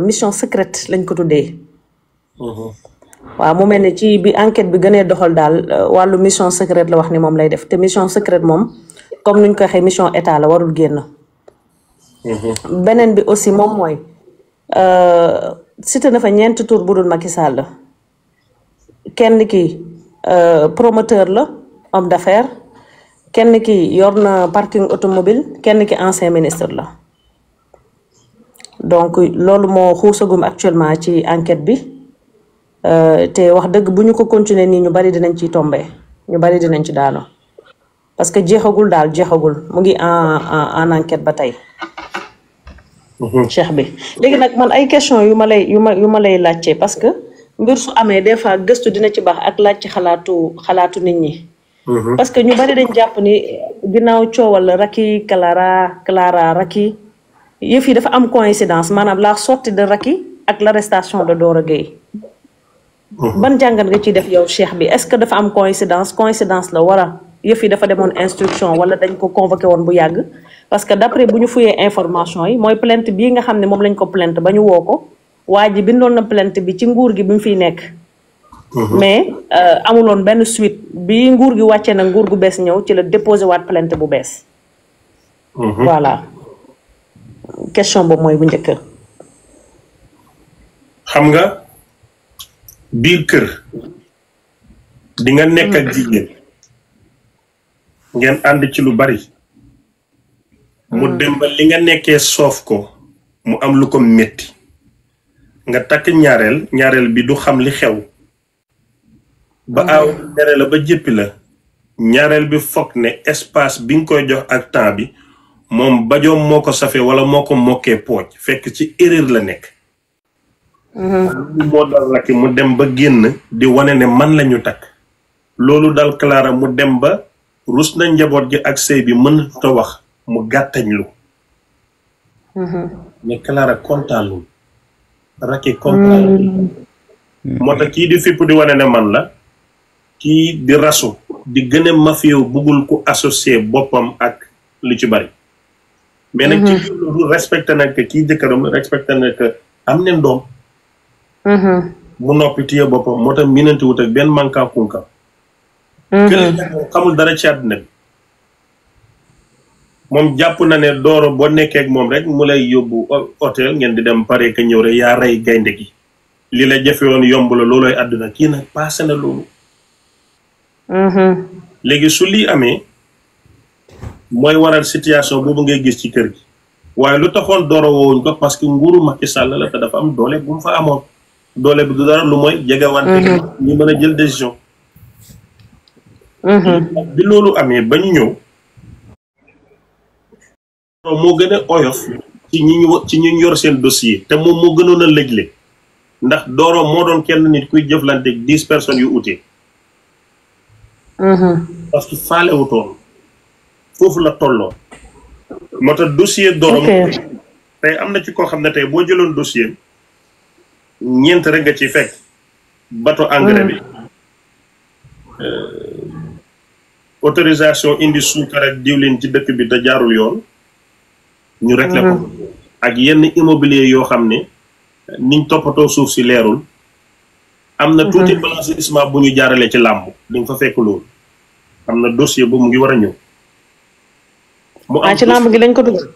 mission secrète lañ ko tuddee. Mhm. waaw mu mel ne ci bi enquête bi gënee doxal daal euh, wàllu mission secrète la wax ni moom lay def te mission secrète moom comme nuñ ko waxee mission état la warul génn. Mhm. beneen bi aussi moom mooy euh, te na fa ñeenti tour bu dul Macky Sall la kenn ki euh, promoteur la homme d'affaires kenn ki yor na parking automobile kenn ki ancien ministre la. donc loolu moo xuusagum actuellement ci enquête bi euh, te wax dëgg bu ñu ko continuer nii ñu bari dinañ ci tombe ñu bari dinañ ci daano parce que jeexagul daal jeexagul mu ngi en en enquête ba tey. Mhm. cheikh bi léegi nag man ay question yu ma lay yu ma yu ma lay laajte parce que mbir su amee des fois gëstu dina ci baax ak laaj ci xalaatu xalaatu nit ñi. Mhm. parce que ñu bari dañ jàpp ni ginnaaw coowal Racky Clara Clara Racky yëf yi dafa am coïncidence maanaam la sortie de Racky ak la l'arrestation de a Gueye mhm. ban jàngat nga ciy def yow cheikh bi est-ce que dafa am coïncidence coïncidence la wala yëf yi dafa demoon instruction wala dañ ko convoqué woon bu yàgg parce que d'après bu ñu fuyee information yi mooy plainte bii nga xam ne moom lañ ko plainte ba ñu woo ko waa ji bindoon na plainte bi ci nguur gi bi mu fiy nekk mhm. mais euh, amuloon benn suite bi nguur gi wàccee na nguur gu bees ñëw ci la déposé waat plainte bu bees mhm. voilà question boobu mooy bu njëkk. xam nga biir kër di nga nekk ak jigéen ngeen ànd ci lu bari mu hmm. dem ba li nga nekkee soof ko mu am lu ko metti nga takk ñaareel ñaareel bi du xam li xew ba hmm. aw ñaareel la ba jéppi la ñaareel bi foog ne espace bi nga koy jox ak temps bi moom bajoom moo ko safee wala moo ko mokkee pooj fekk ci erreur la nekk mhm. loolu moo dal rakki mu dem ba génn di wane ne man lañu takk loolu dal Clara mu dem ba rus na njaboot gi ak sëy bi mënut a wax mu gàttañlu mhm. mais Clara kontaanul rakki mm. moo tax kii di fipp di wane ne man la kii di rasu di gën a mafiow buggul ku associé boppam ak lu ci bari mais nag ci mhm. biir loolu respecté na que kii jëkkëram respecté na que am neen doom. Mhm. mu noppi téye boppam moo tax miinanti wut ak benn manka kunka. Mhm. keneen xamul dara ci moom jàpp na ne dooro boo nekkee ak moom rek mu lay yóbbu hôtel ngeen di dem pare ka ñëw rek yaa rey gaynde gi. li la jafe woon yomb la loolooy àdduna kii nag paase na loolu. léegi su lii amee. mooy waral situation boobu ngay gis ci kër gi waaye lu taxoon doro woowuñ ko parce que nguuru Macky Sall la te dafa am doole bu mu fa amoon doole bi du dara lu mooy jegewante mhm. ñu mën a jël décision mhm. bi loolu amee ba ñu ñëw moo gën a oyof ci ñi ñu ci ñu yor seen dossier te moom moo gënoon a lëjle ndax dooro moo doon kenn nit kuy jëflante dix personnes yu utee mhm. parce que faale wutoon foofu la tolloo moo tax dossier dorom tey am na ci koo xam ne tey boo jëloon dossier ñeent rek a ci fekk bato engrais bi hmm. euh, autorisation indi suukar ak diwlin ci dëkk bi da jaarul yoon ñu réglé ko hmm. ak yenn immobilier yoo xam ne niñ toppatoo suuf si leerul am na tuuti hmm. balancissement bu ñu jaaralee ci làmb di nga fa fekk loolu am na dossier bu mu ngi war a ñëw mu am ah, ci làmb gi lañ ko dugal.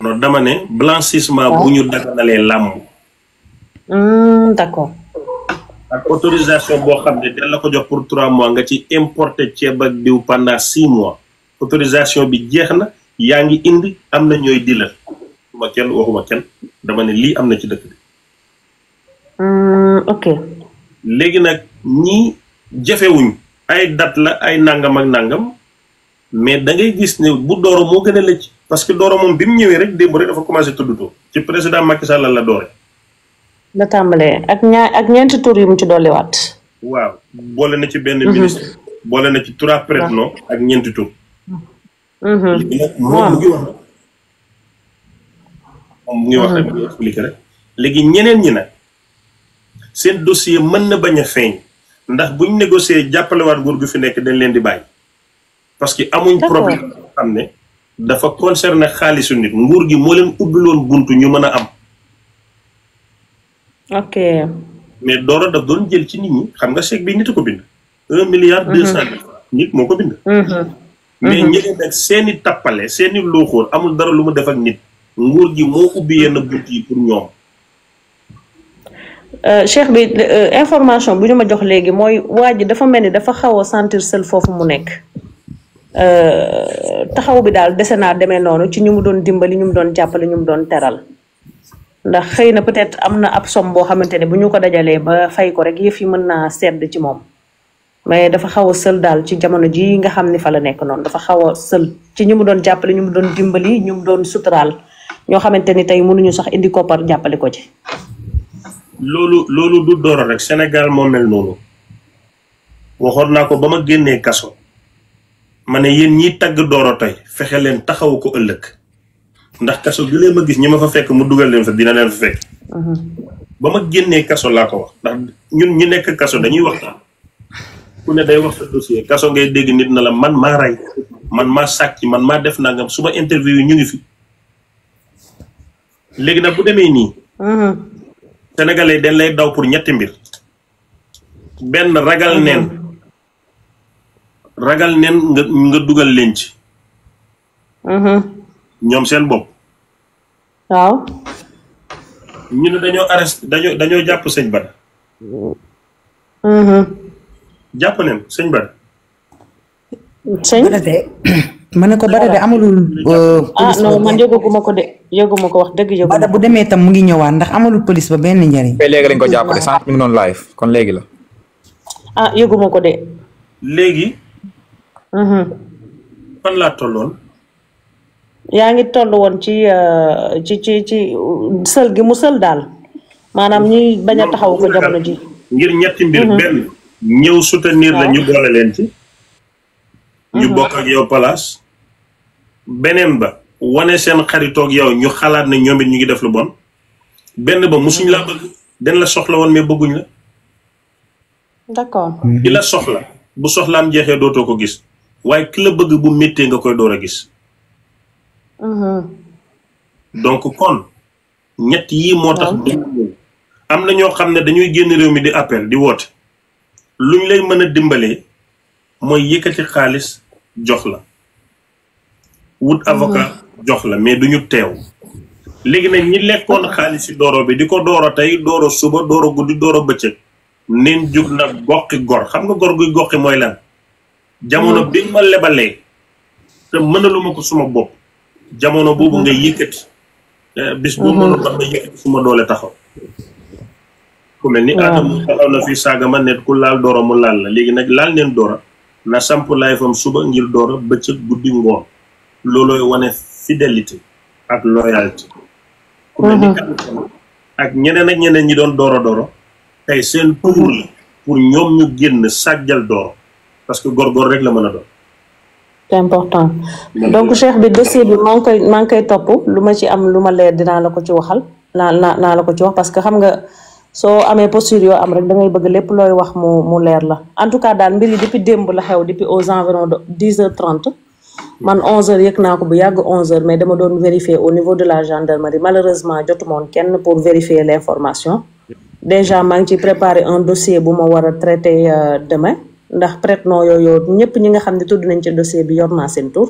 non dama ne blanchissement bu ñu daganalee làmb. Hmm, d'accord. ak autorisation boo xam ne dañ la ko jox pour trois mois nga ci importer ceeb ak diw pendant six mois autorisation bi jeex na yaa ngi indi am na ñooy di waxuma kenn dama ne lii am na ci dëkk bi. Hmm, ok. léegi nag ñii jafewuñ ay dat la ay nangam ak nangam. mais da ngay gis ni bu dooro moo gën a lëcc parce que dooro moom bi mu ñëwee rek démb rek dafa commencé tuddutoo ci président Macky Sall la doore. la tàmbalee ak ñaar ak ñeenti tur yu mu ci dolliwaat. waaw boole na ci benn mhm. ministre. boole na ci trois prénoms ak ñeenti tur. Mhm. moom mu ngi wax mhm. léegi ñeneen ñi nag seen dossier mën na bañ a feeñ ndax buñ négocier jàppalewaat nguur gu fi nekk dañ leen di bàyyi. parce que amuñ problème boo xam ne dafa concerné xaalisu nit nguur gi moo leen ubbiloon buntu ñu mën a am ok mais dooro daf doon jël ci nit ñi xam nga chèque bi nit a ko bind un milliard mhm. deux cent nit moo ko bind mhm. mais mhm. ñëleen nag seeni tappale seeni looxóor amul dara lu mu def nit nguur gi moo ubbi yenn bunt yi pour ñoom euh, cheikh bi euh, information bu ñu ma jox léegi mooy waa ji dafa mel ni dafa xaw a sentir seul foofu mu nekk Euh, taxaw bi daal dese naa demee noonu ci ñu mu doon dimbali ñu doon jàppale ñu doon teral ndax xëy na peut-être am na ab somme boo xamante ne bu ñu ko dajalee ba fay ko rek yëf mën naa sedd ci moom mais dafa xaw sël daal ci jamono ji nga xam ni fa la nekk noonu dafa xaw a sël ci ñu mu doon jàppale ñum doon dimbali ñu doon suturaal ñoo xamante ni tey mënuñu sax indi koppar jàppale ko ci. loolu loolu du Doro rek Sénégal moo mel noonu waxoon naa ko ba génnee kaso. ma ne yéen ñiy tagg dooro tey fexe leen taxaw ko ëllëg ndax kaso gi leen ma gis ñi ma fa fekk mu dugal leen fa dina leen fa fekk. Mhm. ba ma génnee kaso laa ko wax ndax ñun ñu nekk kaso dañuy wax ku ne day wax sa dossier kaso ngay dégg nit na la man maa rey man maa sàcc man maa def nangam su ma interview yi ñu ngi fi léegi nag bu demee nii. Mhm. sénégalais dañ lay daw pour ñetti mbir benn ragal neen. Mhm. ragal neen nga nga dugal leen ci. Mm-hmm. ñoom seen bopp. waaw. ñu ne dañoo arrêté dañoo dañoo jàpp sëñ Bada. Mm-hmm. jàpp nen sëñ Bada. sëñ Bada de ma ne ko Bada de amulul. Euh, ah, police ah non man yëgaguma ko de yëguma ko wax dëgg yëguma bu demee tam mu ngi ñëwaat ndax amulul police ba benn njariñ. ba léegi lañ ko jàppale sànq mi ngi noonu live kon léegi la. ah yëguma ko de. léegi. Mm-hmm. fan laa tolloon. yaa ngi toll woon ci euh, ci ci ci sël gi mu sël daal maanaam ñuy bañ a taxaw ko jamono ji. ngir ñetti mbir mm-hmm. benn. ñëw soutenir la ñu boole leen ci. ñu mm-hmm. bokk ak yow beneen ba wane seen xaritoog yow ñu xalaat ne ñoom ñu ngi def lu bon. benn ba musuñ laa bëgg den la soxla woon mais bëgguñ la. d'accord. di la soxla bu soxlaam jeexee dootoo ko gis. waaye ki bëgg bu méttee nga koy door a gis. Mm-hmm. donc kon ñett yii moo tax. Mm-hmm. am na ñoo xam ne dañuy génn réew mi di appel di woote. luñ lay mën a dimbalee mooy yëkkati xaalis jox la. wut mm-hmm. avocat jox la mais duñu teew. léegi nag ñi lekkoon xaalis si dooro bi di ko dooro tey dooro suba dooro guddi dooro bëccëg. neen jug nag goqi gor xam nga gor guy goqi mooy lan. jamono bi ma lebalee te mënaluma ko suma bopp jamono boobu nga yëkkati eh, bis bu mhm. mënul ba nga yëkkati suma doole taxaw ku mel ni aadam taxaw na fii saaga ma net ku laal doora mu laal la léegi nag laal neen doora na samp laay fam suba ngir doora bëccëg guddi ngoon loolooy wane fidélité ak loyauté ku mel ni mhm. ak ñeneen ak ñeneen ñi doon dooro dooro tey seen tuur la pour ñoom ñu génn sàjjal dooro parce que góor rek la mën a doon. important donc cheikh bi dossier bi maa ngi koy maa ngi koy topp lu ma ci am lu ma leer dinaa la ko ci waxal naa naa naa la ko ci wax parce que xam nga soo amee posture yoo am rek da ngay bëgg lépp looy wax mu mu leer la en tout cas daal mbir yi depuis démb la xew depuis aux environs de 10 heures man 11 heures yëg naa ko bu yàgg 11 heures mais dama doon vérifier au niveau de la gendarmerie malheureusement jotu moon kenn pour vérifier l' information déjà maa ngi ci préparé un dossier bu ma war a traité euh, demain ndax prête-nom yooyu ñëpp ñi nga xam ne tudd nañ ci dossier bi yor naa seen tur.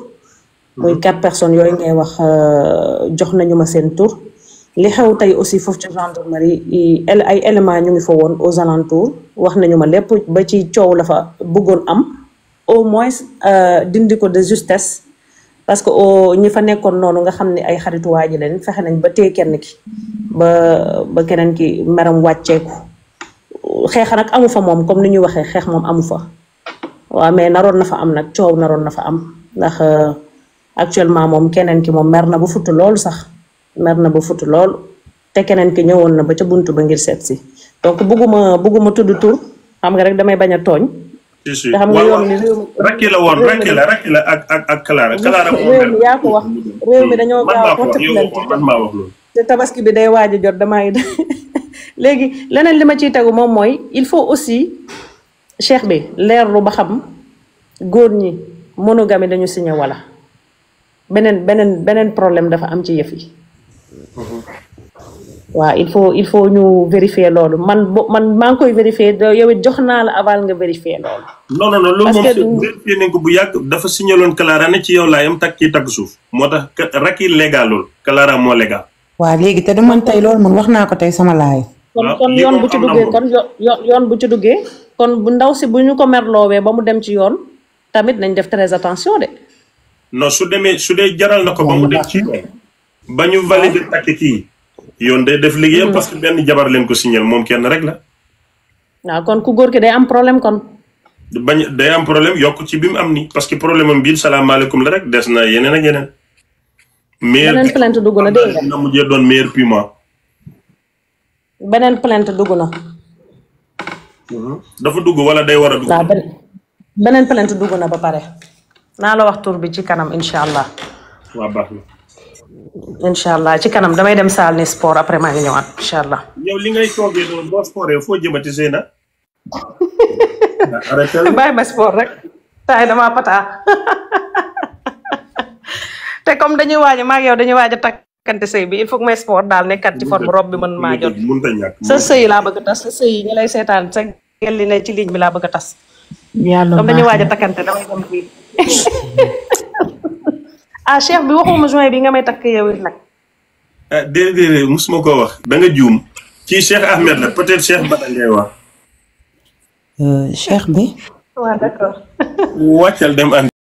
muy mhm. quatre personnes yooyu ngay wax euh, jox nañu ma seen tur. li xew tey aussi foofu ci gendarmerie ay éléments ñu ngi foo woon aux alentours wax nañu ma lépp ba ci coow la fa bëggoon am au moins euh, dindi ko de justesse parce que ñi fa nekkoon noonu nga xam ne ay xaritu waa ji leen fexe nañ ba téye kenn ki ba ba keneen ki meram wàcceeku. xeex nag amu fa moom comme ni ñu waxee xeex moom amu fa waaw mais naroon na fa am nag coow naroon na fa am ndax euh, actuellement moom keneen ki moom mer na ba futt lool sax mer na ba futt lool te keneen ki ñëwoon na ba ca buntu ba ngir seet si donc bugguma bugguma tudd tur xam nga rek damay bañ a tooñ. te xam nga yoon ni réew mi rek la woon rek la ak ak ak Clara ko dañoo te tabaski bi day waaj a jot damaa léegi leneen li ma ciy tegu moom mooy il faut aussi cheikh bi leerlu ba xam góor ñi monogamie dañu signé wala beneen beneen beneen problème dafa am ci yëf yi. Mhm. waaw il faut il faut ñu vérifier loolu man bo man maa ngi koy vérifier yow it jox naa la aval nga vérifier loolu. non loolu moom vérifier nañ ko bu yàgg dafa signaloon Clara ne ci yow laa yam takk ci tag suuf moo tax rakk yi légalul Clara moo légal. waaw léegi te du man tey loolu man wax naa ko tey sama laay. kon kon yoon bu ci duggee kon yoon bu ci duggee kon bu ndaw si bu ñu ko merloowee ba mu dem ci yoon tamit nañ def très attention de. non su demee su dee jaral na ko ba mu dem ci ba ñu ah. valider takk kii yoon day def liggéeyam hmm. parce que benn jabar leen ko signal moom kenn rek la. waaw ah, kon ku góor ki day am problème kon. bañ day am problème yokk ci bi mu am nii parce que problème am bii salaamaaleykum la rek des na yeneen ak yeneen. yeneen plainte dugg na dégg nga mujjee doon meilleur piment. beneen plainte dugg na. Mhm. dafa dugg wala day war a dugg. waaw na ba pare naa la wax tur bi ci kanam incha allah. waaw allah ci kanam damay dem saal ni sport après maa ngi allah. li ngay toogee foo jëmati Zeyna. bàyyi ma sport rek. tay damaa pataa te comme dañuy waaj a maa ak waaj a takk. kante sëy bi il faut sa sëy laa bëgg a sa sëy ñu lay seetaan sa gel ci ligne bi laa bëgg a tas comme dañu waaj a takkante damay ah cheikh bi waxuma juin bi nga may takk yow it nag ah déedéet mosuma koo wax da nga juum ci cheikh ahmed la peut-être cheikh bada ngay wax euh, cheikh bi waaw d'accord wàccal dem